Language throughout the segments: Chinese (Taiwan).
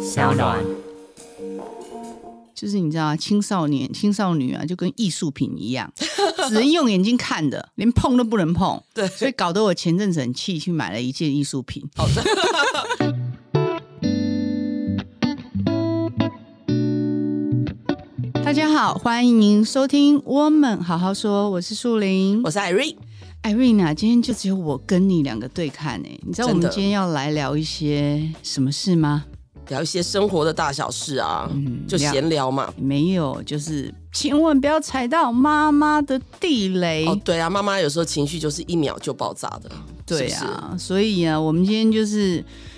SoundOn，就是你知道啊，青少年、青少女啊，就跟藝術品一樣，只能用眼睛看的，連碰都不能碰。 對，所以搞得我前陣子很氣，去買了一件藝術品。好 的、oh, 對。 大家好，歡迎您收聽《我們好好說》，我是速玲，我是 Irene。Irene 啊，今天就只有我跟你兩個對看、欸、你知道我們今天要來聊一些什麼事嗎？聊一些生活的大小事啊，嗯，就閒聊嘛。沒有，就是千萬不要踩到媽媽的地雷。哦，對啊，媽媽有時候情緒就是一秒就爆炸的。對啊，是不是？所以啊，我們今天就是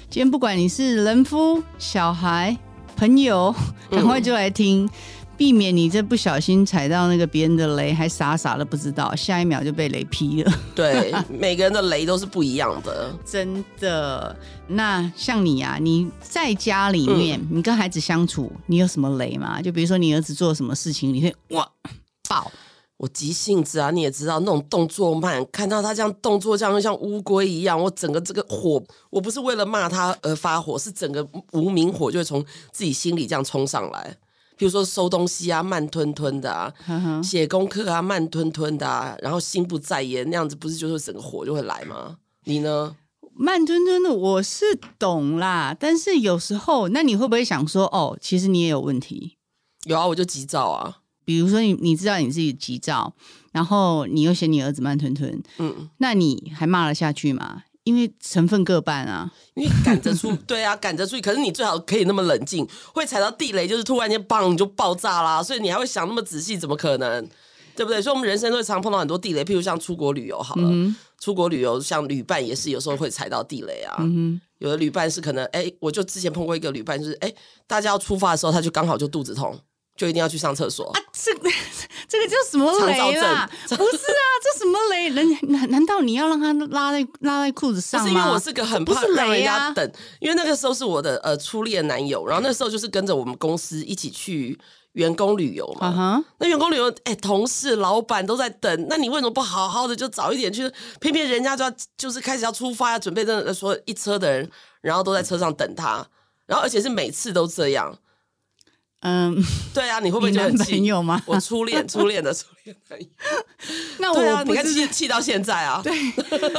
今天，不管你是人夫、小孩、朋友，趕、嗯、快就來聽，避免你這不小心踩到那個別人的雷，還傻傻的不知道，下一秒就被雷劈了。 對，每個人的雷都是不一樣的， 真的。那像你啊，你在家裡面，嗯，你跟孩子相處，你有什麼雷嗎？就比如說你兒子做了什麼事情，你會哇爆？我急性子啊，你也知道，那種動作慢，看到他這樣動作這樣，像烏龜一樣，我整個這個火，我不是為了罵他而發火，是整個無名火就會從自己心裡這樣衝上來。譬如說收東西啊，慢吞吞的啊；寫功課啊，慢吞吞的啊，然後心不在焉，那樣子不是就是整個火就會來嗎？你呢？慢吞吞的我是懂啦，但是有時候那你會不會想說，哦，其實你也有問題？有啊，我就急躁啊。比如說你你知道你自己急躁，然後你又嫌你兒子慢吞吞，嗯，那你還罵了下去嗎？因為成分各半啊， 因為趕着出，對啊，趕着出去。可是你最好可以那麼冷靜，會踩到地雷，就是突然間嘣，就爆炸啦。所以你還會想那麼仔細，怎麼可能？對不對？所以我們人生都會常碰到很多地雷，譬如像出國旅遊好了，嗯、出國旅遊像旅伴也是有時候會踩到地雷啊。嗯、有的旅伴是可能，哎、欸，我就之前碰過一個旅伴，就是哎、欸，大家要出發的時候，他就剛好就肚子痛。就一定要去上廁所啊？這個這個叫什麼雷啦？不是啊，這什麼雷？人難道你要讓他拉在拉在褲子上嗎？是因為我是個很怕雷、啊、讓人家等，因為那個時候是我的呃初戀男友，然後那時候就是跟着我們公司一起去員工旅遊嘛。哈、uh-huh。那員工旅遊，哎，同事、老板都在等，那你為什麼不好好的就早一點去？偏偏人家就要就是開始要出發要準備的，說一車的人，然後都在車上等他，然後而且是每次都這樣。嗯，對啊，你會不會覺得很朋友嗎？我初戀，初戀的初戀。 那我，那我對啊，你氣氣到現在啊？對，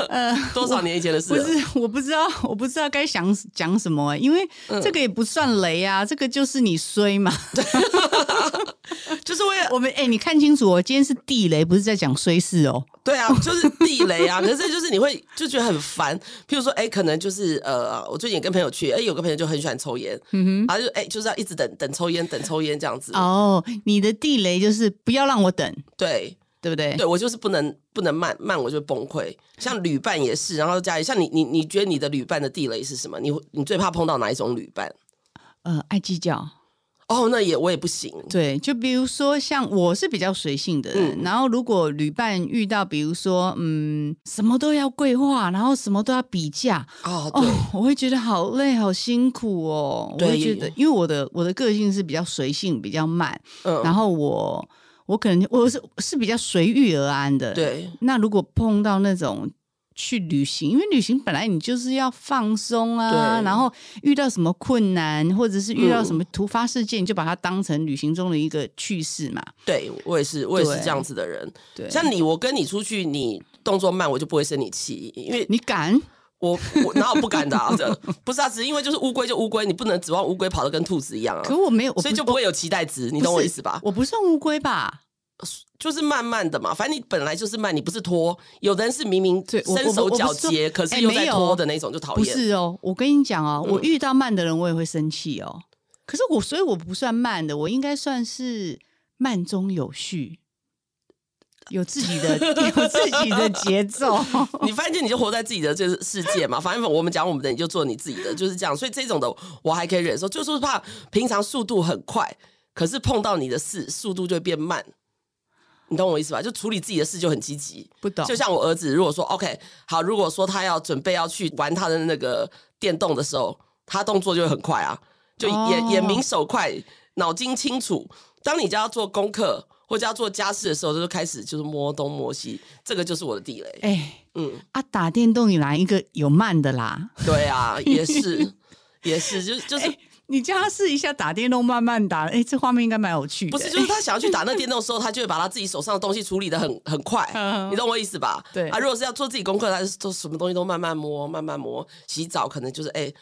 呃，多少年以前的事、啊？不是，我不知道，我不知道該想講什麼、欸，因為這個也不算雷啊，嗯、這個就是你衰嘛， 就是為了我們哎，欸、你看清楚哦，今天是地雷，不是在講衰事哦。對啊，就是地雷啊， 可是就是你會就覺得很煩，譬如說哎、欸，可能就是呃，我最近跟朋友去，哎、欸，有個朋友就很喜歡抽菸，嗯、哼然後就哎、欸、就是要一直等等抽菸，等抽菸這樣子。哦，你的地雷就是不要讓我等。對對不對？對，我就是不能不能慢慢，我就崩潰，像旅伴也是，然後家裡像你你你覺得你的旅伴的地雷是什麼？你你最怕碰到哪一種旅伴？呃，愛計較。哦，那也我也不行。對，就比如說像我是比較隨性的，嗯，然後如果旅伴遇到比如說嗯什麼都要規劃，然後什麼都要比價哦，對哦，我會覺得好累好辛苦哦，對。我會覺得，因為我的我的個性是比較隨性，比較慢，嗯，然後我。我可能我是是比較隨遇而安的，對。那如果碰到那種去旅行，因為旅行本來你就是要放鬆啊，然後遇到什麼困難或者是遇到什麼突發事件，嗯、你就把它當成旅行中的一個趣事嘛。對，我也是，我也是這樣子的人。對，對像你，我跟你出去，你動作慢，我就不會生你氣，因為你敢。 我我哪有不敢的啊？不是啊，只是因為就是烏龜就烏龜，你不能指望烏龜跑得跟兔子一樣啊。可我沒有，所以就不會有期待值，你懂我意思吧？我不算烏龜吧？就是慢慢的嘛，反正你本來就是慢，你不是拖。有的人是明明身手矯健，可是又在拖的那種，就討厭。欸、不是哦，我跟你講哦，我遇到慢的人，我也會生氣哦。嗯、可是我所以我不算慢的，我應該算是慢中有序。有自己的、 有自己的節奏 你反正你就活在自己的這世界嘛。 反正我們講我們的，你就做你自己的，就是這樣。所以這種的我還可以忍受，就是怕平常速度很快，可是碰到你的事，速度就會變慢。你懂我意思吧？就處理自己的事就很積極，不懂。就像我兒子，如果說 OK 好，如果說他要準備要去玩他的那個電動的時候，他動作就會很快啊，就眼、oh. 眼明手快，腦筋清楚。當你就要做功課。或者要做家事的時候，他就開始就是摸東摸西，這個就是我的地雷。哎、欸，嗯啊，打電動有哪一個有慢的啦？對啊，也是， 也是，就是就是、欸、你叫他試一下打電動，慢慢打。哎、欸，這畫面應該蠻有趣的、欸。不是，就是他想要去打那電動的時候， 他就會把他自己手上的東西處理得很很快好好。你懂我意思吧？對啊，如果是要做自己功課，他就做什麼東西都慢慢摸，慢慢摸。洗澡可能就是哎、欸，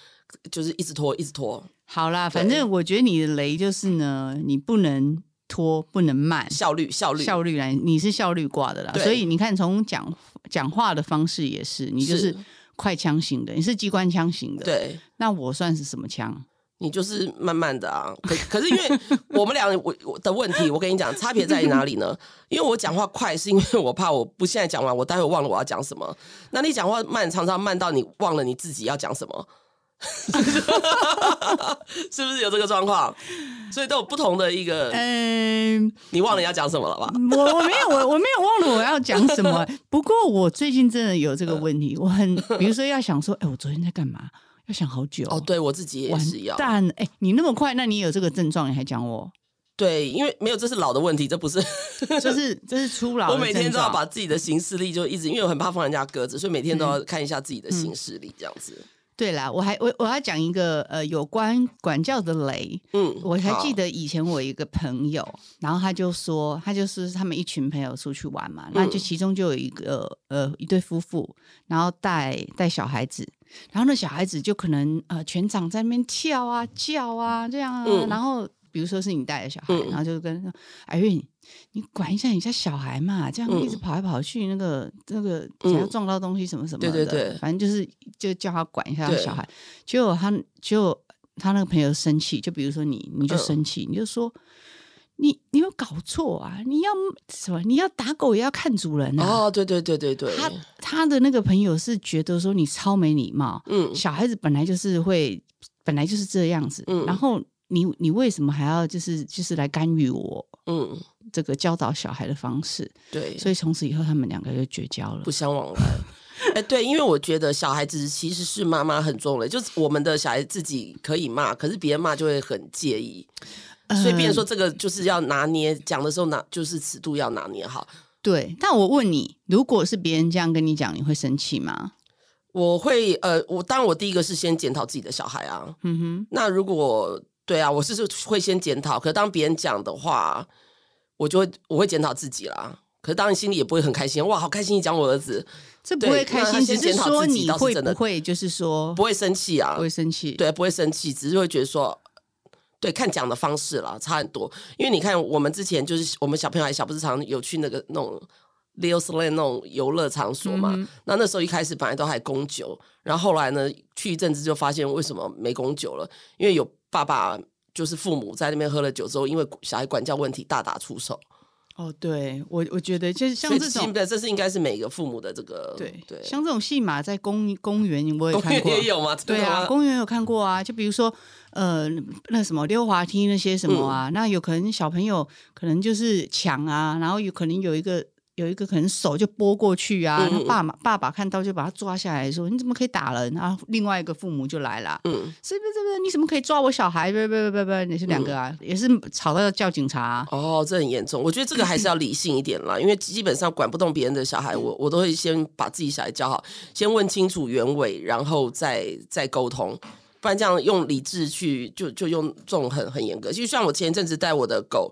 就是一直拖，一直拖。好啦，反正我覺得你的雷就是呢，你不能。拖，不能慢。效率效率效率來，你是效率掛的啦。所以你看，從講講話的方式也是，你就是快槍型的，是，你是機關槍型的。對，那我算是什麼槍？你就是慢慢的啊。可可是因為我們倆我我的問題， 我跟你講差別在哪裡呢？因為我講話快，是因為我怕我不現在講完，我待會忘了我要講什麼。那你講話慢，常常慢到你忘了你自己要講什麼。 是不是有這個狀況？所以都有不同的一個……嗯，你忘了要講什麼了吧？我我沒有我我沒有忘了我要講什麼。不過我最近真的有這個問題，我很比如說要想說，哎、欸，我昨天在幹嘛？要想好久。哦，對，我自己也是要。但哎、欸，你那麼快，那你有這個症狀，你還講我？對，因為沒有，這是老的問題，這不是、 就是，這是這是初老。我每天都要把自己的行事曆就一直，因為我很怕放人家鴿子，所以每天都要看一下自己的行事曆這樣子。嗯嗯對啦，我還我我要講一個呃有關管教的雷，嗯，我還記得以前我一個朋友，然後他就說，他就是他們一群朋友出去玩嘛，嗯、那就其中就有一個呃,呃一對夫婦，然後帶帶小孩子，然後那小孩子就可能呃全場在那邊跳啊叫啊這樣啊、嗯，然後。比如說是你帶的小孩，嗯、然後就跟說：“阿、哎、韻，你管一下你家小孩嘛，這樣一直跑來跑去，那個那個想要撞到東西什麼什麼的、嗯，對對對，反正就是就叫他管一下他小孩。”結果他就他那個朋友生氣，就比如說你，你就生氣，嗯、你就說：“你你有搞錯啊？你要什麼？你要打狗也要看主人啊！”哦，對對對對對，他他的那個朋友是覺得說你超沒禮貌。嗯，小孩子本來就是會，本來就是這樣子。嗯，然後。你你為什麼還要就是就是來干預我？嗯，這個教導小孩的方式，對，所以從此以後他們兩個就絕交了，不相往來。哎 欸，對，因為我覺得小孩子其實是媽媽很重要的，就是我們的小孩自己可以罵，可是別人罵就會很介意，呃、所以別人說這個就是要拿捏，講的時候拿就是尺度要拿捏好。對，但我問你，如果是別人這樣跟你講，你會生氣嗎？我會，呃，我當然我第一個是先檢討自己的小孩啊。嗯哼，那如果。對啊，我是會先檢討。可是當別人講的話，我就會我會檢討自己啦。可是當然心裡也不會很開心。哇，好開心你講我兒子，這不會開心，先檢討自己。只是說你會不會就是說是不會生氣啊？不會生氣，對、啊，不會生氣，只是會覺得說，對，看講的方式啦，差很多。因為你看，我們之前就是我們小朋友還小，不是常有去那個那種 Leo's Land 那種遊樂場所嘛、嗯。那那時候一開始本來都還供酒，然後後來呢，去一陣子就發現為什麼沒供酒了，因為有。爸爸就是父母在那邊喝了酒之後，因為小孩管教問題大打出手。哦，對，我我覺得就是像這種，這是應該是每個父母的這個對對，像這種戲碼在公公園，我也看過。也有嘛嗎？對啊，公園有看過啊，就比如說呃，那什麼溜滑梯那些什麼啊、嗯，那有可能小朋友可能就是搶啊，然後有可能有一個。有一個可能手就撥過去啊，他、嗯、爸爸爸爸看到就把他抓下來說，說你怎麼可以打人啊？另外一個父母就來了，嗯，是不是這個？你怎麼可以抓我小孩？不,不，不,不,不，不，別別，你是兩個啊、嗯，也是吵到叫警察、啊。哦，這很嚴重，我覺得這個還是要理性一點啦。 因為基本上管不動別人的小孩，我我都會先把自己小孩教好，先問清楚原委，然後再再溝通，不然這樣用理智去就就用這種很很嚴格。其實像我前一陣子帶我的狗。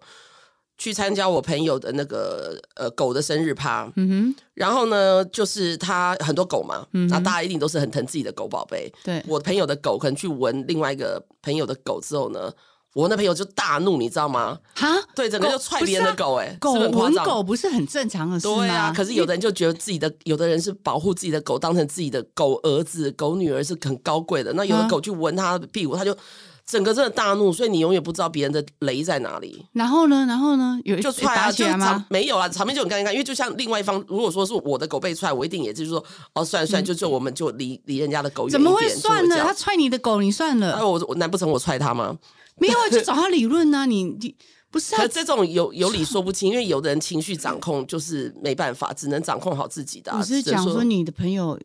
去參加我朋友的那個呃狗的生日趴，嗯哼，然後呢，就是他很多狗嘛，那、嗯、大家一定都是很疼自己的狗寶貝。對，我朋友的狗可能去聞另外一個朋友的狗之後呢，我那朋友就大怒，你知道嗎？哈，對，整個就踹別人的狗，欸，哎、啊，狗聞狗不是很正常的事嗎？對啊，可是有的人就覺得自己的，有的人是保護自己的狗，當成自己的狗兒子、狗女兒是很高貴的。那有的狗去聞他的屁股，啊、他就。整個真的大怒，所以你永遠不知道別人的雷在哪裡。然後呢，然後呢，有就踹啊，就場沒有啊，場面就很尷尬。因為就像另外一方，如果說是我的狗被踹，我一定也就是說哦，算了算了，嗯、就就我們就離離人家的狗遠一點。怎麼會算了？他踹你的狗，你算了？那我我，我難不成我踹他嗎？沒有、啊，去找他理論呢、啊。你你不是啊？是這種有有理說不清，因為有的人情緒掌控就是沒辦法，只能掌控好自己的、啊。只是講說你的朋友。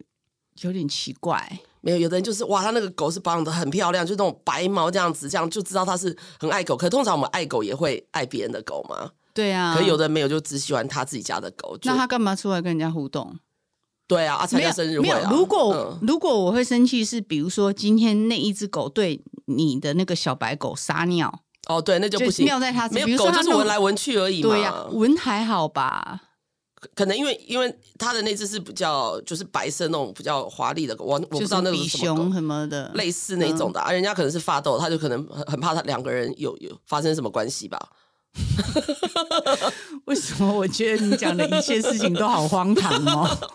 有點奇怪，沒有，有的人就是哇，他那個狗是保養得很漂亮，就是那種白毛這樣子，這樣就知道他是很愛狗。可通常我們愛狗也會愛別人的狗嘛，對呀、啊。可有的人沒有，就只喜歡他自己家的狗。那他幹嘛出來跟人家互動？對啊，啊，參加生日會啊。如果、嗯、如果我會生氣，是比如說今天那一隻狗對你的那個小白狗撒尿，哦，對，那就不行。沒有，在他沒有狗，就是聞來聞去而已嘛。對呀、啊，聞還好吧。可能因為因為他的那只是比較就是白色那種比較華麗的狗，我我不知道那種熊什麼的，類似那種的啊，人家可能是發抖，他就可能很怕他兩個人有有發生什麼關係吧？ 為什麼我覺得你講的一切事情都好荒唐嗎、哦？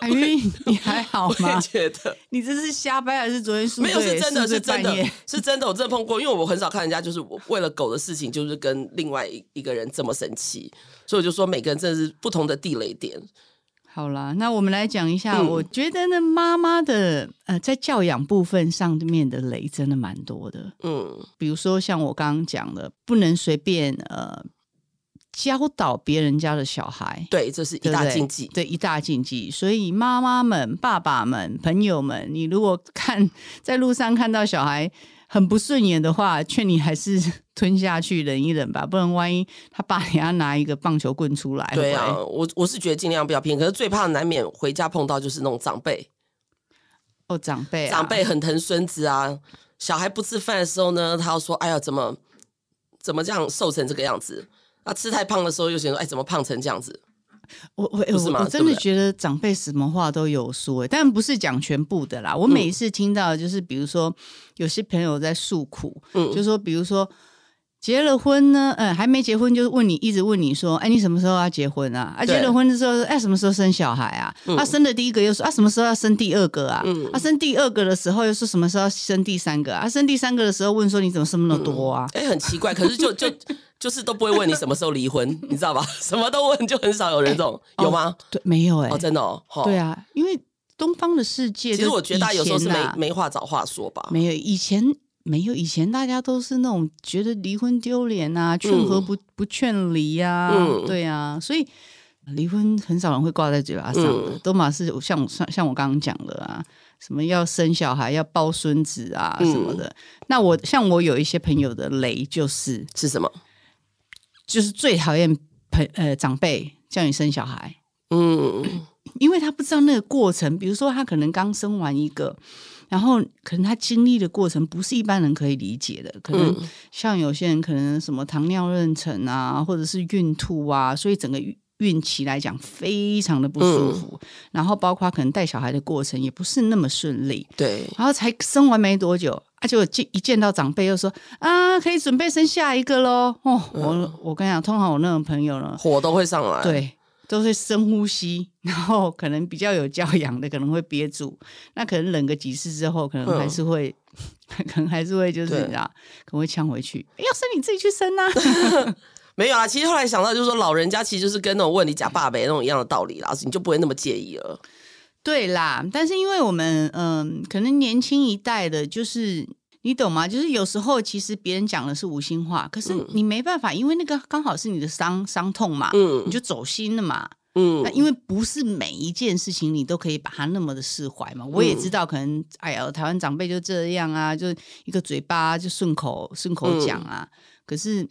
哎，雲，你還好嗎？ 我也覺得，你這是瞎掰還是昨天說的？沒有，是真的是是，是真的，是真的。我真的碰過，因為我很少看人家，就是我為了狗的事情，就是跟另外一個人這麼生氣。所以我就說，每個人真的是不同的地雷點。 好了，那我們來講一下，嗯，我覺得呢，媽媽的呃，在教養部分上面的雷真的蠻多的。嗯，比如說像我剛剛講的，不能隨便呃、教導別人家的小孩，對，這是一大禁忌，對對，對，一大禁忌。所以媽媽們、爸爸們、朋友們，你如果看在路上看到小孩很不順眼的話，勸你還是吞下去忍一忍吧，不然萬一他爸給他拿一個棒球棍出來，對啊，我我是覺得盡量不要拼，可是最怕的難免回家碰到就是那種長輩，哦，長輩、啊，長輩很疼孫子啊。小孩不吃飯的時候呢，他要說：“哎呀，怎麼怎麼這樣瘦成這個樣子？”那、啊、吃太胖的時候又嫌說，哎、欸，怎麼胖成這樣子？我我是是我真的覺得長輩什麼話都有說、欸，但不是講全部的啦。我每一次聽到就是，比如說、嗯、有些朋友在訴苦，就、嗯、就說比如說結了婚呢，嗯，還沒結婚就問你，一直問你說，哎、欸，你什麼時候要結婚啊？啊，結了婚的時候，哎、欸，什麼時候生小孩啊？嗯、啊，生的第一個又說，啊，什麼時候要生第二個啊？嗯、啊，生第二個的時候又說，什麼時候要生第三個啊，生第三個的時候問說，你怎麼生那麼多啊？哎，很奇怪，可是就就。 就是都不會問你什麼時候離婚， 你知道吧？ 什麼都問，就很少有人這種、欸、有嗎？對，沒有哎、欸，oh, 真的哦、喔，oh. 對啊，因為東方的世界，其實我覺得大有時候是沒、啊、沒話找話說吧。沒有以前沒有以前，以前大家都是那種覺得離婚丟臉啊，勸和不、嗯、不勸離呀，對啊，所以離婚很少人會掛在嘴巴上的。嗯、都嘛是像我像像我剛剛講的啊，什麼要生小孩要抱孫子啊、嗯、什麼的。那我像我有一些朋友的雷就是是什麼？就是最討厭陪呃長輩叫你生小孩，嗯，因為他不知道那個過程，比如說他可能剛生完一個，然後可能他經歷的過程不是一般人可以理解的，可能像有些人可能什麼糖尿妊娠啊，或者是孕吐啊，所以整個孕期來講非常的不舒服，嗯、然後包括可能帶小孩的過程也不是那麼順利，對，然後才生完沒多久。而且我見一見到長輩又說啊，可以準備生下一個嘍。哦，我、嗯、我跟你講，通常我那種朋友呢，火都會上來，對，都會深呼吸，然後可能比較有教養的可能會憋住，那可能冷個幾次之後，可能還是會，嗯、可能還是會就是啊，可能會嗆回去、哎。要生你自己去生啊， 沒有啊。其實後來想到就是說，老人家其實就是跟那種問你假爸爸那種一樣的道理啦、嗯，你就不會那麼介意了。對啦，但是因為我們，嗯、呃，可能年輕一代的，就是你懂嗎？就是有時候其實別人講的是無心話，可是你沒辦法、嗯，因為那個剛好是你的傷傷痛嘛，嗯，你就走心了嘛，嗯，那因為不是每一件事情你都可以把它那麼的釋懷嘛。我也知道，可能哎呀，台灣長輩就這樣啊，就一個嘴巴就順口順口講啊，嗯、可是。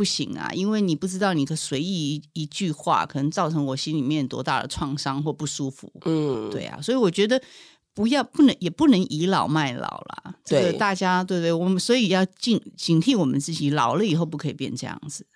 不行啊，因為你不知道你的隨意一一句話，可能造成我心裡面多大的創傷或不舒服。嗯，對啊，所以我覺得不要不能也不能倚老賣老啦。對，這個、大家對不對？我們所以要警警惕我們自己，老了以後不可以變這樣子。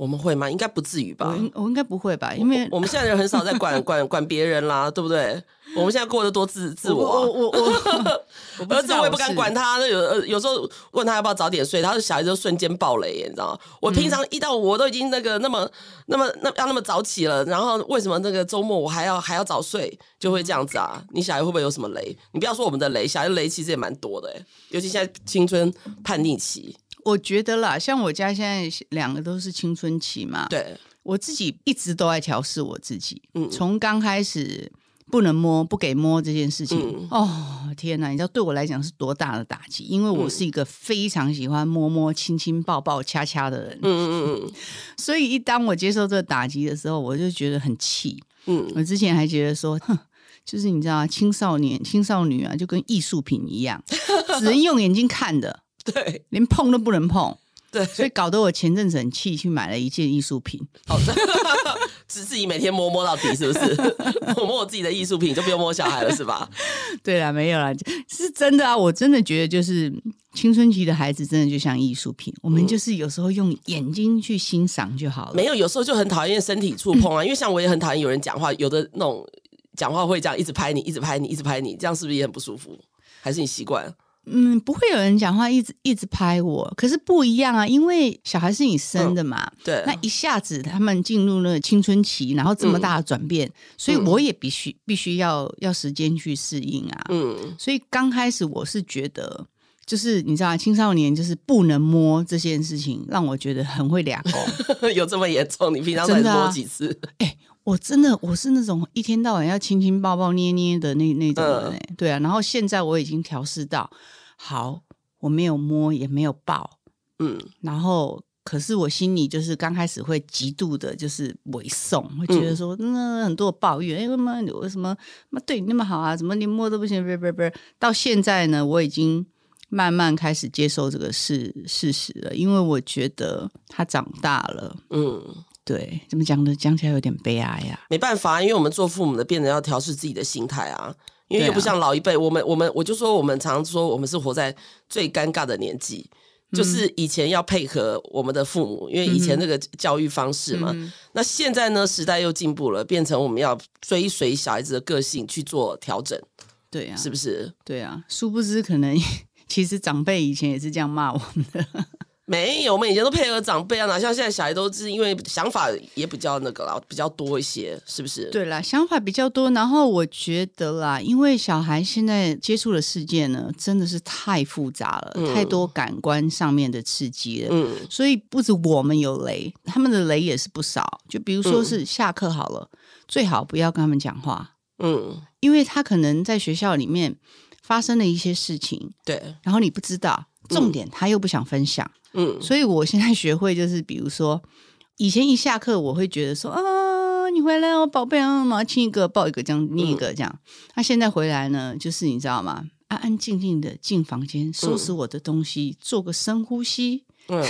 我們會嗎？應該不至於吧。我我應該不會吧，因為我，我們現在人很少在管 管管別人啦，對不對？我們現在過得多自自我、啊、我。我我我，兒子我也 不，不敢管他。那有呃，有時候問他要不要早點睡，他的小孩就瞬間爆雷，你知道嗎？我平常一到我一到五都已經那個那麼那麼那要那麼早起了，然後為什麼那個週末我還要還要早睡，就會這樣子啊？你小孩會不會有什麼雷？你不要說我們的雷，小孩的雷其實也蠻多的，哎，尤其現在青春叛逆期。我覺得啦，像我家現在兩個都是青春期嘛。對我自己一直都在調試我自己。嗯,從剛開始不能摸、不給摸這件事情，嗯、哦天哪，你知道對我來講是多大的打擊？因為我是一個非常喜歡摸摸、親親、抱抱、掐掐的人。嗯 所以一當我接受這個打擊的時候，我就覺得很氣。嗯，我之前還覺得說，哼，就是你知道、啊，青少年、青少女啊，就跟藝術品一樣，只能用眼睛看的。 對，連碰都不能碰，對，所以搞得我前陣子很氣，去買了一件藝術品，只 自己每天摸摸到底，是不是？我摸我自己的藝術品，就不用摸小孩了，是吧？對啊，沒有啦，是真的啊！我真的覺得，就是青春期的孩子真的就像藝術品，嗯，我們就是有時候用眼睛去欣賞就好了。沒有，有時候就很討厭身體觸碰啊，嗯，因為像我也很討厭有人講話，有的那種講話會這樣一直拍你，一直拍你，一直拍你，這樣是不是也很不舒服？還是你習慣？嗯，不會有人講話，一直一直拍我。可是不一樣啊，因為小孩是你生的嘛、嗯。對。那一下子他們進入了青春期，然後這麼大的轉變，嗯、所以我也必須、嗯、必須要要時間去適應啊。嗯。所以剛開始我是覺得，就是你知道青少年就是不能摸這件事情，讓我覺得很會兩哦 有這麼嚴重？你平常才摸幾次？哎、啊。欸我真的，我是那種一天到晚要親親抱抱捏捏的那那種人哎、欸，uh. 對啊。然後現在我已經調試到好，我沒有摸也沒有抱，嗯。然後可是我心裡就是剛開始會極度的就是委送，會覺得說那、嗯嗯、很多抱怨，哎媽，我什麼媽對你那麼好啊，怎麼你摸都不行？不不不。到現在呢，我已經慢慢開始接受這個事事實了，因為我覺得他長大了，嗯。對，怎麼講呢？講起來有點悲哀呀。沒辦法，因為我們做父母的，變得要調試自己的心態啊。因為又不像老一輩，啊、我們我們我就說，我們常常說，我們是活在最尷尬的年紀、嗯，就是以前要配合我們的父母，因為以前那個教育方式嘛嗯嗯。那現在呢，時代又進步了，變成我們要追隨小孩子的個性去做調整。對呀、啊，是不是？對啊，殊不知，可能其實長輩以前也是這樣罵我們的。 沒有，我們以前都配合長輩啊，哪像現在小孩都是，因為想法也比較那個了，比較多一些，是不是？對啦，想法比較多。然後我覺得啦，因為小孩現在接觸的世界呢，真的是太複雜了、嗯，太多感官上面的刺激了。嗯，所以不止我們有雷，他們的雷也是不少。就比如說是下課好了，嗯、最好不要跟他們講話。嗯，因為他可能在學校裡面發生了一些事情。對，然後你不知道。嗯、重點他又不想分享，嗯，所以我現在學會就是，比如說以前一下課我會覺得說啊，你回來哦，寶貝啊，媽親一個抱一個這樣捏一個這樣，那、嗯啊、現在回來呢，就是你知道嗎？安安靜靜的進房間收拾我的東西，嗯，做個深呼吸，嗯，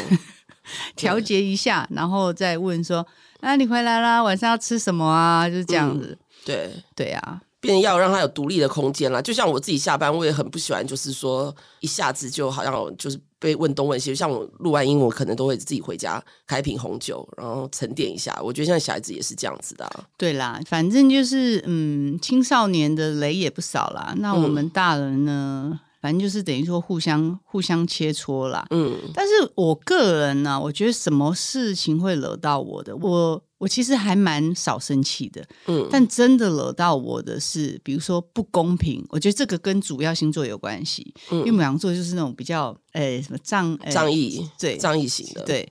調 節一下，嗯，然後再問說啊，你回來啦，晚上要吃什麼啊？就是這樣子，嗯，對對啊。便要讓他有獨立的空間啦。就像我自己下班，我也很不喜歡，就是說一下子就好像就是被問東問西。就像我錄完音，我可能都會自己回家開瓶紅酒，然後沉澱一下。我覺得像小孩子也是這樣子的、啊。對啦，反正就是嗯，青少年的雷也不少啦。那我們大人呢、嗯，反正就是等於說互相互相切磋啦。嗯，但是我個人呢、啊，我覺得什麼事情會惹到我的，我。我其實還蠻少生氣的，嗯，但真的惹到我的是，比如說不公平。我覺得這個跟主要星座有關係，嗯，因為牡羊座就是那種比較，誒、欸，什麼仗、欸、仗義，對，仗義型的。對，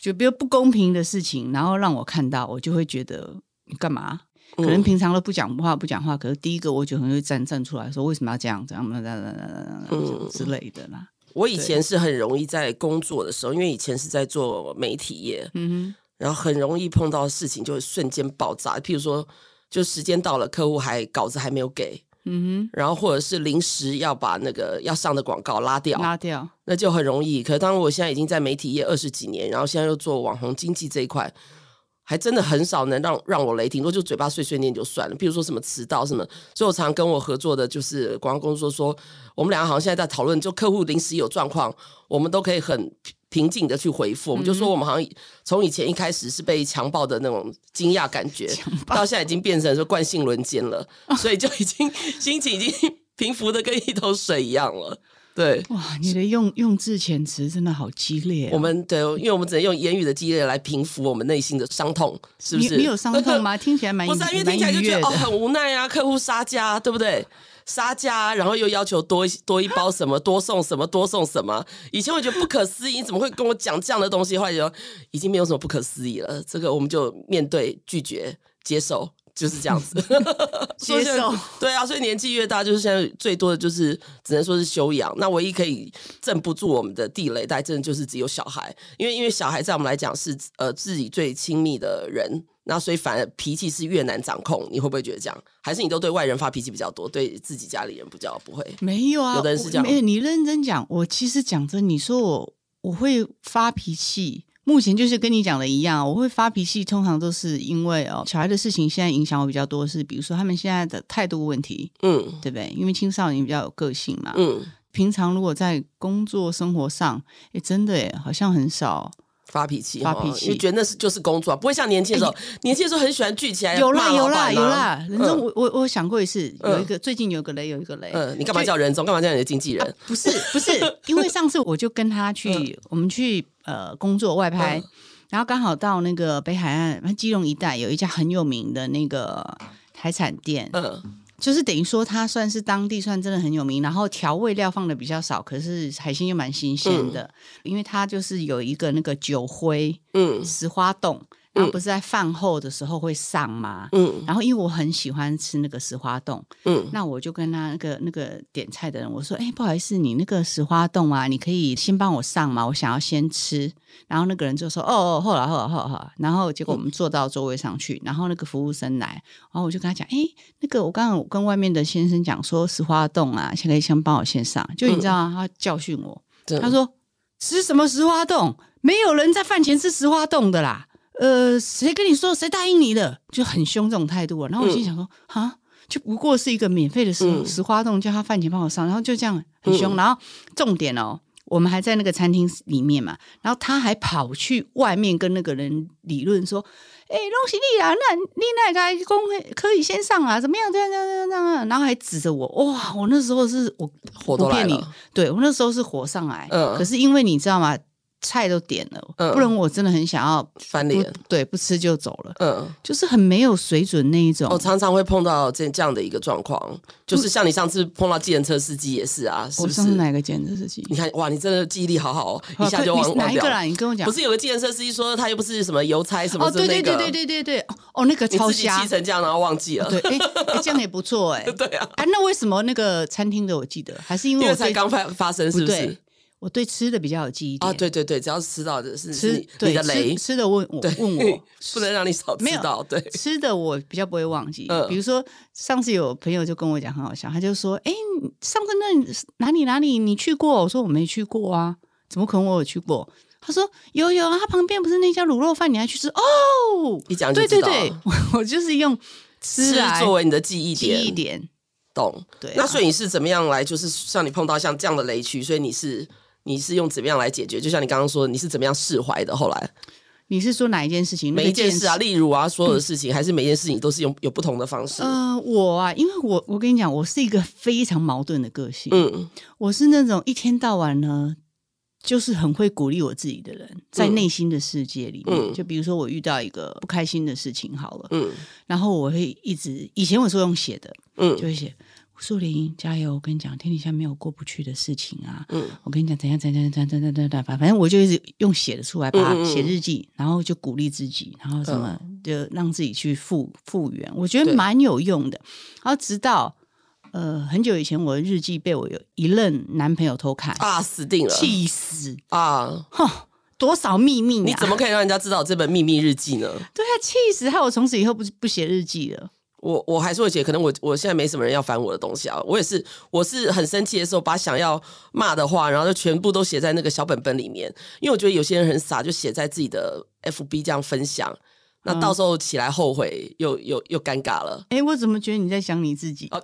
就比如不公平的事情，然後讓我看到，我就會覺得你幹嘛、嗯？可能平常都不講話，不講話，可是第一個我就很容易站站出來說，為什麼要這樣？怎樣？啦啦啦啦啦之類的啦。我以前是很容易在工作的時候，因為以前是在做媒體業，嗯哼。然後很容易碰到的事情就會瞬間爆炸，譬如說，就時間到了，客戶還稿子還沒有給，嗯哼，然後或者是臨時要把那個要上的廣告拉掉，拉掉，那就很容易。可是當我現在已經在媒體業二十幾年，然後現在又做網紅經濟這一塊，還真的很少能讓讓我雷霆，我就嘴巴碎碎念就算了。譬如說什麼遲到什麼，所以我常跟我合作的就是廣告公司說，我們兩個好像現在在討論，就客戶臨時有狀況，我們都可以很。平靜的去回復，我們就說我們好像以嗯嗯從以前一開始是被強暴的那種驚訝感覺，到現在已經變成說慣性輪姦了，所以就已經 心情已經平伏的跟一頭水一樣了。對，哇，你的用用字遣詞真的好激烈啊。我們，對，因為我們只能用言語的激烈來平復我們內心的傷痛，是不是？你，你有傷痛嗎？聽起來蠻意。不是啊，因為聽起來就覺得哦，很無奈啊，客戶殺價，對不對？殺價，然後又要求多一多一包什麼，多送什麼，多送什麼。以前我覺得不可思議，你怎麼會跟我講這樣的東西？後來就說已經沒有什麼不可思議了。這個我們就面對拒絕接受。就是這樣子， 接受 所以對啊，所以年紀越大，就是現在最多的就是只能說是修養。那唯一可以鎮不住我們的地雷帶，真的就是只有小孩。因為因為小孩在我們來講是呃自己最親密的人，那所以反而脾氣是越難掌控。你會不會覺得這樣？還是你都對外人發脾氣比較多，對自己家裡人比較不會？沒有啊，有的人是這樣。沒有，你認真講，我其實講真，你說我我會發脾氣。目前就是跟你講的一樣，我會發脾氣，通常都是因為哦，小孩的事情現在影響我比較多是，是比如說他們現在的態度問題，嗯，對不對？因為青少年比較有個性嘛，嗯。平常如果在工作生活上，也真的，哎，好像很少發脾氣，發脾氣。你、哦、覺得那是就是工作，不會像年輕的時候，哎、年輕的時候很喜歡聚起來、啊。有啦有啦有啦，有啦有啦嗯、人中我我我想過一次，有一個、嗯、最近有個雷，有一個雷，嗯、你幹嘛叫人中，幹嘛叫你的經紀人？不、啊、是不是，不是 因為上次我就跟他去，嗯、我們去。呃，工作外拍，嗯，然後剛好到那個北海岸、基隆一帶，有一家很有名的那個海產店，嗯，就是等於說它算是當地算真的很有名，然後調味料放的比較少，可是海鮮又蠻新鮮的，嗯，因為它就是有一個那個酒灰，嗯，石花凍。然後不是在飯後的時候會上嗎？嗯，然後因為我很喜歡吃那個石花凍，嗯，那我就跟他那個那個點菜的人我說，哎、欸，不好意思，你那個石花凍啊，你可以先幫我上嘛，我想要先吃。然後那個人就說，哦哦，後來後來後來，然後結果我們坐到座位上去，嗯，然後那個服務生來，然後我就跟他講，哎、欸，那個我剛剛跟外面的先生講說，石花凍啊，先可以先幫我先上。就你知道，嗯，他教訓我，嗯，他說吃什麼石花凍？沒有人在飯前吃石花凍的啦。呃，誰跟你說？誰答應你的？就很凶這種態度啊。然後我就想說，啊、嗯，就不過是一個免費的石石花凍，叫他飯錢幫我上、嗯，然後就這樣很凶、嗯。然後重點哦，我們還在那個餐廳裡面嘛，然後他還跑去外面跟那個人理論說：“哎、嗯，恭喜你啊，那麗那該公會可以先上啊，怎麼樣？這樣這樣這樣啊！”然後還指着我，哇、哦，我那時候是我火都騙了，對我那時候是火上來、嗯，可是因為你知道嗎？菜都點了，嗯，不然我真的很想要翻臉，對，不吃就走了，嗯，就是很沒有水準那一種。我、哦、常常會碰到這這樣的一個狀況，就是像你上次碰到計程車司機也是啊，我不是？不是哪個計程車司機？你看，哇，你真的記憶力好好哦、喔啊，一下就忘，忘掉了。哪一個啦？你跟我講，不是有個計程車司機說他又不是什麼郵差什麼、那個、哦，對對對對對對對，哦，那個超瞎。你自己記成這樣，然後忘記了，哦、對、欸欸，這樣也不錯哎、欸。對啊。哎、啊，那為什麼那個餐廳的我記得，還是因為我這才剛發發生，是不是？不我對吃的比較有記憶點啊，對對對，只要吃到的是吃是你，對你的雷吃，吃的問我問我、嗯、我 不能讓你少吃到沒有，對吃的我比較不會忘記，嗯、比如說上次有朋友就跟我講很好笑，他就說哎，上次那哪裡哪裡你去過？我說我沒去過啊，怎麼可能我有去過？他說有有啊，他旁邊不是那家滷肉飯你還去吃哦？一講就對對對，我就是用吃，吃作為你的記憶點，記憶點懂對、啊？那所以你是怎麼樣來？就是像你碰到像這樣的雷區，所以你是。你是用怎麼樣來解決？就像你剛剛說，你是怎麼樣釋懷的？後來，你是說哪一件事情？每一件事啊，例如啊，嗯、所有的事情，還是每件事情都是用有不同的方式？呃，我啊，因為我我跟你講，我是一個非常矛盾的個性。嗯，我是那種一天到晚呢，就是很會鼓勵我自己的人，在內心的世界裡面，嗯、就比如說我遇到一個不開心的事情，好了，嗯，然後我會一直，以前我是用寫的，嗯，就會寫。速玲，加油！我跟你講，天底下沒有過不去的事情啊！嗯，我跟你講，怎樣怎樣怎樣怎樣怎樣怎反正我就一直用寫的出來吧，寫日記，嗯嗯，然後就鼓勵自己，然後什麼、嗯、就讓自己去復復原。我覺得蠻有用的。然後直到呃很久以前，我的日記被我有一任男朋友偷看啊，死定了！氣死啊！哼，多少秘密、啊？你怎麼可以讓人家知道這本秘密日記呢？對啊，氣死！害我從此以後不不寫日記了。我我還是會寫，可能我我現在沒什麼人要煩我的東西啊。我也是，我是很生氣的時候，把想要罵的話，然後就全部都寫在那個小本本裡面，因為我覺得有些人很傻，就寫在自己的 FB 這樣分享，那到時候起來後悔、嗯、又又又尷尬了。哎、欸，我怎麼覺得你在想你自己？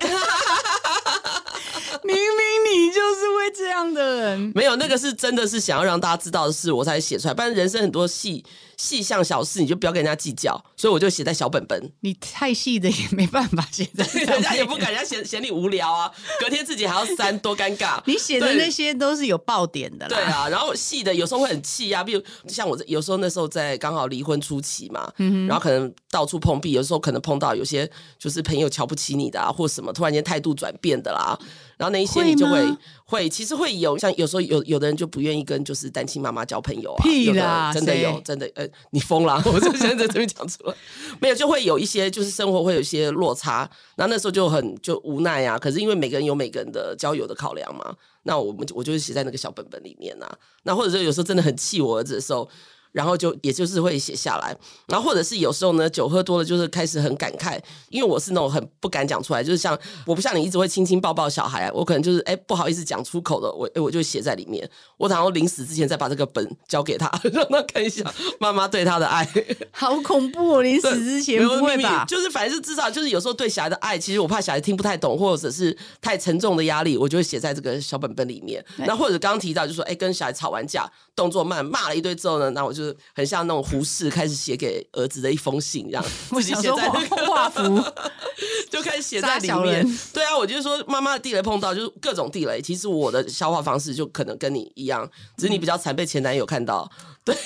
這樣的人沒有，那個是真的是想要讓大家知道的事，我才寫出來。不然人生很多細細項小事，你就不要跟人家計較。所以我就寫在小本本。你太細的也沒辦法寫在，人家也不敢，人家嫌嫌你無聊啊。隔天自己還要刪，多尷尬。 你寫的那些都是有爆點的啦。對，對啊。然後細的有時候會很氣啊，比如像我，有時候那時候在剛好離婚初期嘛，嗯哼，然後可能到處碰壁，有時候可能碰到有些就是朋友瞧不起你的啊，或什麼突然間態度轉變的啦。然後那一些你就會會，會，其實會有，像有時候有有的人就不願意跟就是單親媽媽交朋友啊，屁啦，有的真的有，真的呃、欸，你瘋了、啊，我就現在在這邊講出來？ 沒有，就會有一些就是生活會有一些落差，然後那時候就很就無奈啊。可是因為每個人有每個人的交友的考量嘛，那我們我就寫在那個小本本裡面啊。那或者說有時候真的很氣我兒子的時候。然後就也就是會寫下來，然後或者是有時候呢，酒喝多了就是開始很感慨，因為我是那種很不敢講出來，就是像我不像你一直會親親抱抱小孩，我可能就是哎不好意思講出口的，我哎我就寫在裡面。我然後臨死之前再把這個本交給他，讓他看一下媽媽對他的愛。好恐怖哦！臨死之前 不會吧？就是反正是至少就是有時候對小孩的愛，其實我怕小孩聽不太懂，或者是太沉重的壓力，我就會寫在這個小本本裡面。那或者剛剛提到就是說，哎，跟小孩吵完架，動作慢，罵了一堆之後呢，那我就。很像那種胡適開始寫給兒子的一封信，這樣自己寫在畫、那、幅、個， 就開始寫在裡面。對啊，我就是說媽媽的地雷碰到就是各種地雷。其實我的消化方式就可能跟你一樣，只是你比較慘被前男友看到、嗯。對，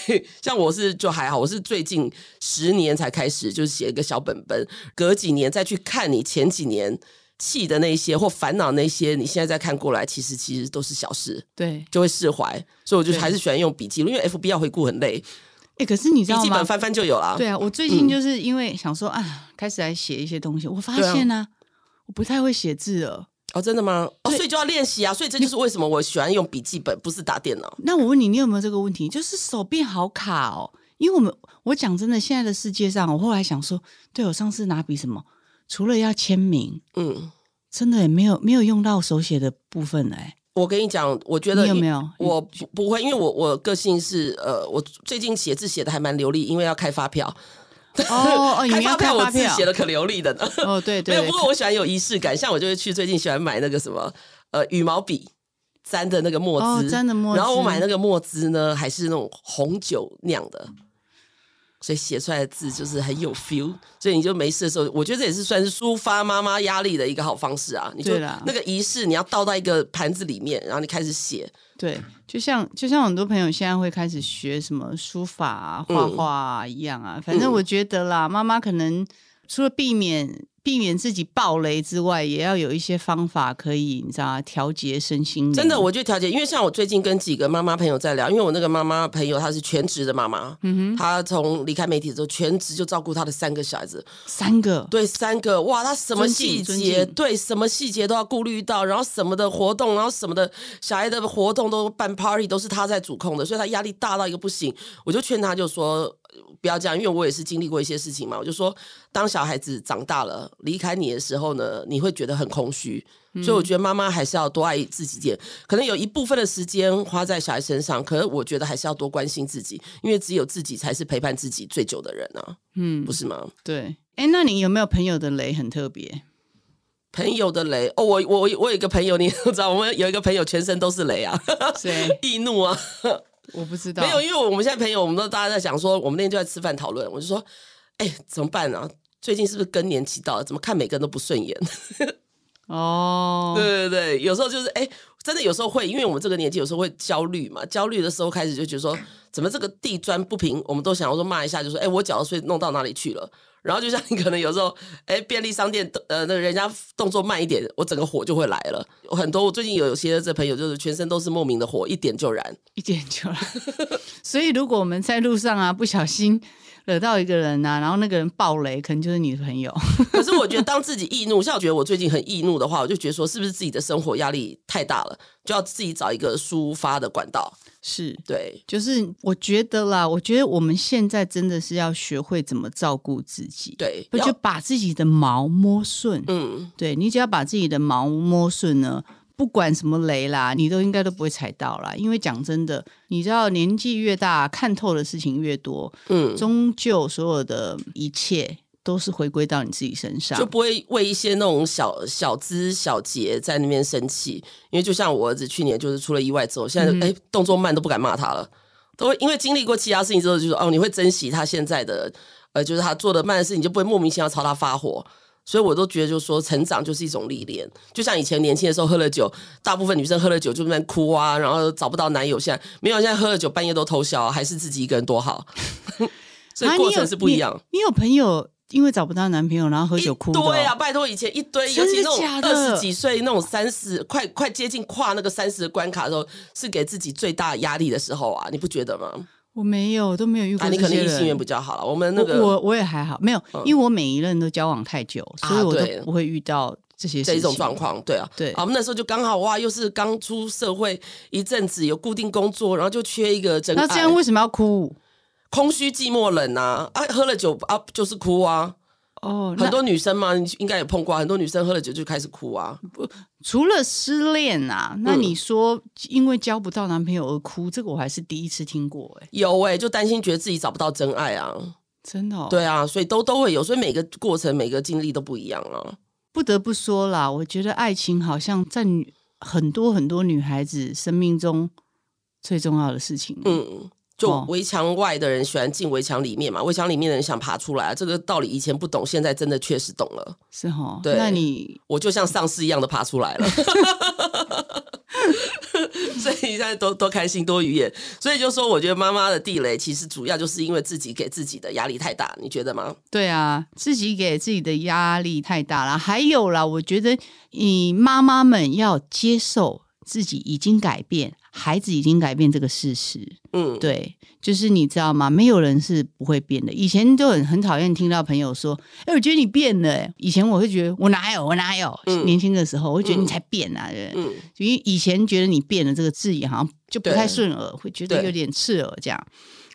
像我是就還好，我是最近十年才開始，就是寫一個小本本，隔幾年再去看你前幾年。氣的那些或煩惱那些，你現在再看過來，其實其實都是小事，對，就會釋懷。所以我就還是喜歡用筆記，因為 FB 要回顧很累。哎、欸，可是你知道嗎？筆記本翻翻就有了。對啊，我最近就是因為想說、嗯、啊，開始來寫一些東西，我發現呢、啊啊，我不太會寫字哦。哦，真的嗎？所以、哦、所以就要練習啊。所以這就是為什麼我喜歡用筆記本，不是打電腦。那我問你，你有沒有這個問題？就是手臂好卡哦，因為我們我講真的，現在的世界上，我後來想說，對我上次拿筆什麼。除了要簽名，嗯，真的也沒有沒有用到手寫的部分哎、欸。我跟你講，我覺得有沒有？我不，不會，因為我我個性是呃，我最近寫字寫的還蠻流利，因為要開發票。哦，開發票，我自己寫的、哦、己寫可流利的呢。哦，對對。不過我喜歡有儀式感，像我就會去最近喜歡買那個什麼呃羽毛筆沾的那個墨汁、哦、的墨汁，然後我買那個墨汁呢，還是那種紅酒釀的。所以寫出來的字就是很有 feel，所以你就沒事的時候，我覺得這也是算是抒發媽媽壓力的一個好方式啊。你就那個儀式，你要倒到一個盤子裡面，然後你開始寫。對，就像就像很多朋友現在會開始學什麼書法啊、畫畫啊，一樣啊，嗯。反正我覺得啦，媽，嗯，媽可能除了避免。避免自己爆雷之外，也要有一些方法可以，你知道調節身心。真的，我就調節，因為像我最近跟幾個媽媽朋友在聊，因為我那個媽媽朋友她是全職的媽媽，嗯哼，她從離開媒體之後，全職就照顧她的三個小孩子，三個，對，三個，哇，她什麼細節，對，什麼細節都要顧慮到，然後什麼的活動，然後什麼的小孩的活動都辦 party 都是她在主控的，所以她壓力大到一個不行，我就勸她就說。不要這樣，因為我也是經歷過一些事情嘛。我就說，當小孩子長大了離開你的時候呢，你會覺得很空虛，嗯。所以我覺得媽媽還是要多愛自己點。可能有一部分的時間花在小孩身上，可是我覺得還是要多關心自己，因為只有自己才是陪伴自己最久的人呢，啊。嗯，不是嗎？對。哎，欸，那你有沒有朋友的雷很特別？朋友的雷哦，我我我有一個朋友，你知道，我們有一個朋友全身都是雷啊，易 意怒啊。 我不知道，沒有，因為我們現在朋友，我們都大家在講說，我們那天就在吃飯討論，我就說，哎、欸，怎麼辦呢、啊？最近是不是更年期到了？怎麼看每個人都不順眼？哦、 oh.，對對對，有時候就是哎。欸真的有時候會，因為我們這個年紀有時候會焦慮嘛。焦慮的時候開始就覺得說，怎麼這個地磚不平？我們都想要說罵一下，就說，哎，我繳的稅弄到哪裡去了？然後就像你可能有時候，哎，便利商店，呃，那人家動作慢一點，我整個火就會來了。有很多我最近有些這朋友就是全身都是莫名的火，一點就燃，一點就燃。 所以如果我們在路上啊，不小心。惹到一個人啊，然後那個人暴雷，可能就是女朋友。 可是我覺得，當自己易怒，像我覺得我最近很易怒的話，我就覺得說，是不是自己的生活壓力太大了，就要自己找一個抒發的管道？是對，就是我覺得啦，我覺得我們現在真的是要學會怎麼照顧自己，對，不就把自己的毛摸順，嗯，對，你只要把自己的毛摸順呢。不管什麼雷啦，你都應該都不會踩到啦。因為講真的，你知道年紀越大，看透的事情越多，嗯，終究所有的一切都是回歸到你自己身上，就不會為一些那種小小枝小節，在那邊生氣。因為就像我兒子去年就是出了意外之後，現在哎、嗯、動作慢都不敢罵他了，都會因為經歷過其他事情之後、就是，就說哦，你會珍惜他現在的，呃，就是他做的慢的事情，就不會莫名其妙朝他發火。所以我都覺得，就是說成長就是一種歷練，就像以前年輕的時候喝了酒，大部分女生喝了酒就在那哭啊，然後找不到男友。現在沒有，現在喝了酒半夜都偷笑，還是自己一個人多好。所以過程是不一樣。你有朋友因為找不到男朋友然後喝酒哭？對啊，拜託，以前一堆，尤其那種二十幾歲那種三十快快接近跨那個三十的關卡的時候，是給自己最大壓力的時候啊，你不覺得嗎？我沒有，都沒有遇過、啊。你肯定異性緣比較好了。我們那個，我我，我也還好，沒有、嗯，因為我每一任都交往太久，所以我都不會遇到這些事情、啊、這種狀況。對啊，對啊。我們那時候就剛好哇，又是剛出社會一陣子，有固定工作，然後就缺一個。那這樣為什麼要哭？啊欸、空虛、寂寞、冷啊！啊，喝了酒啊，就是哭啊。哦、oh，很多女生嘛，應該也碰過、啊、很多女生喝了酒就開始哭啊。不， 除了失戀啊，那你說因為交不到男朋友而哭，嗯、這個我還是第一次聽過、欸。哎，有哎、欸，就擔心覺得自己找不到真愛啊，真的、哦。對啊，所以都都會有，所以每個過程、每個經歷都不一樣啊。不得不說啦，我覺得愛情好像在很多很多女孩子生命中最重要的事情。嗯。就圍牆外的人喜歡進圍牆裡面嘛，圍牆裡面的人想爬出來，這個道理以前不懂，現在真的確實懂了，是哈、哦。對，那你我就像喪屍一樣的爬出來了， 所以你現在多多開心多愉悅。所以就說，我覺得媽媽的地雷其實主要就是因為自己給自己的壓力太大，你覺得嗎？對啊，自己給自己的壓力太大了，還有啦，我覺得你媽媽們要接受自己已經改變孩子已經改變這個事實，嗯，對，就是你知道嗎？沒有人是不會變的。以前就很很討厭聽到朋友說：“哎、欸，我覺得你變了、欸。”以前我會覺得我哪有我哪有、嗯，年輕的時候我會覺得你才變啊。對，嗯」因為以前覺得你變了，這個字眼好像就不太順耳，會覺得有點刺耳，這樣。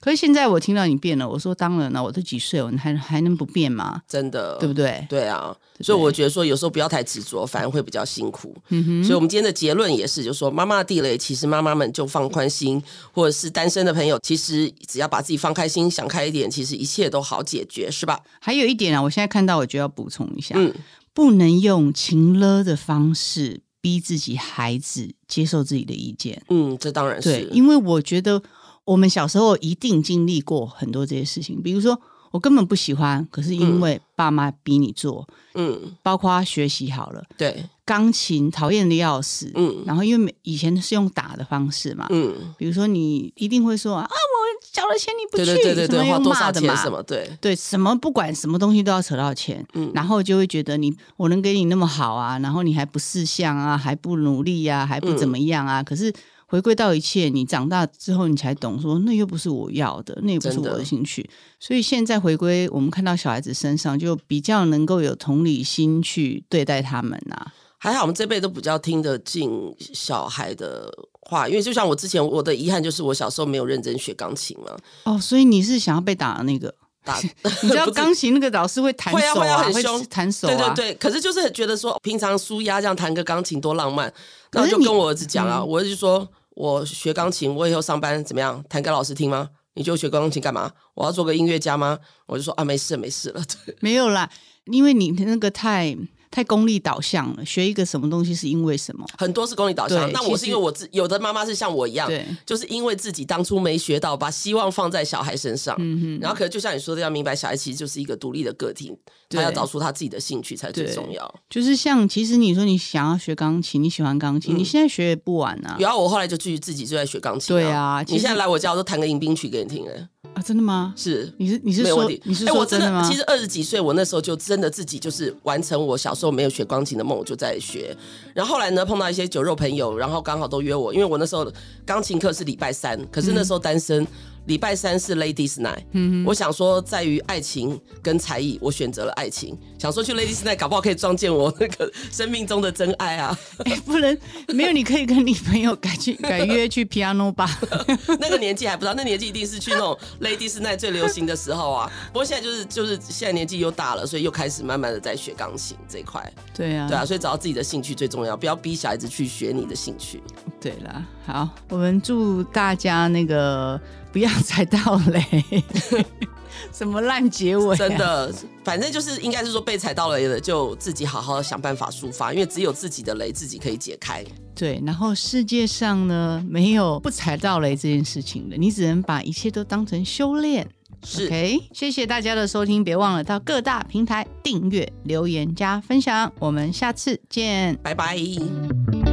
可是現在我聽到你變了，我說當然了，我都幾歲了，你還還能不變嗎？真的，對不對？對啊對對，所以我覺得說有時候不要太執着，反而會比較辛苦。嗯哼，所以我們今天的結論也是，就是說媽媽的地雷，其實媽媽們就放寬心，或者是單身的朋友，其實只要把自己放開心、想開一點，其實一切都好解決，是吧？還有一點啊，我現在看到我就要補充一下，嗯，不能用情勒的方式逼自己孩子接受自己的意見。嗯，這當然是，對，因為我覺得。我們小時候一定經歷過很多這些事情，比如說我根本不喜歡，可是因為爸媽逼你做，嗯，包括他學習好了，對、嗯，鋼琴討厭得要死，嗯，然後因為以前是用打的方式嘛，嗯，比如說你一定會說啊，我交了錢你不去，對對對對對，什麼用罵的嘛，什麼對對，什麼不管什麼東西都要扯到錢，嗯，然後就會覺得你我能給你那麼好啊，然後你還不識相啊，還不努力啊，還不怎麼樣啊，嗯、可是。回歸到一切，你長大之後你才懂說，說那又不是我要的，那也不是我的興趣。所以現在回歸，我們看到小孩子身上就比較能夠有同理心去對待他們吶、啊。還好我們這輩都比較聽得進小孩的話，因為就像我之前我的遺憾就是我小時候沒有認真學鋼琴嘛。哦，所以你是想要被打的那個打？ 你知道鋼琴那個老師會彈手、啊，會彈、啊啊、手、啊，對對對。可是就是覺得說平常舒壓這樣彈個鋼琴多浪漫，然後就跟我兒子講啊，嗯、我兒子說。我學鋼琴，我以後上班怎麼樣？彈給老師聽嗎？你就學鋼琴幹嘛？我要做個音樂家嗎？我就說啊，沒事，沒事了，對。沒有啦，因為你那個太。太功利導向了。學一個什麼東西是因為什麼？很多是功利導向。那我是因為我自有的媽媽是像我一樣，對，就是因為自己當初沒學到，把希望放在小孩身上。嗯、然後可能就像你說的，要明白小孩其實就是一個獨立的個體，他要找出他自己的興趣才最重要。就是像其實你說你想要學鋼琴，你喜歡鋼琴、嗯，你現在學也不晚啊。然後、啊、我後來就繼續自己就在學鋼琴、啊。對啊，你現在來我家我都彈個迎賓曲給你聽哎。啊，真的嗎？是，你是，你是說，沒問題。你是說真的嗎？欸，我真的，其實二十幾歲，我那時候就真的自己就是完成我小時候沒有學鋼琴的夢，我就在學。然後後來呢，碰到一些酒肉朋友，然後剛好都約我，因為我那時候鋼琴課是禮拜三，可是那時候單身。嗯禮拜三是 Ladies Night，嗯、我想說在於愛情跟才藝，我選擇了愛情，想說去 Ladies Night，搞不好可以撞見我那個生命中的真愛啊！哎、欸，不能沒有，你可以跟你朋友改去 改約去 Piano 吧 那個年紀還不知道那年紀一定是去那種 Ladies Night 最流行的時候啊。不過現在就是就是現在年紀又大了，所以又開始慢慢的在學鋼琴這一塊。對啊，對啊，所以找到自己的興趣最重要，不要逼小孩子去學你的興趣。對啦，好，我們祝大家那個。不要踩到雷 什麼爛結尾啊？ 真的，反正就是應該是說被踩到雷了，就自己好好的想辦法抒發，因為只有自己的雷自己可以解開。對，然後世界上呢沒有不踩到雷這件事情的，你只能把一切都當成修煉。是，OK，謝謝大家的收聽，別忘了到各大平台訂閱、留言加分享，我們下次見，拜拜。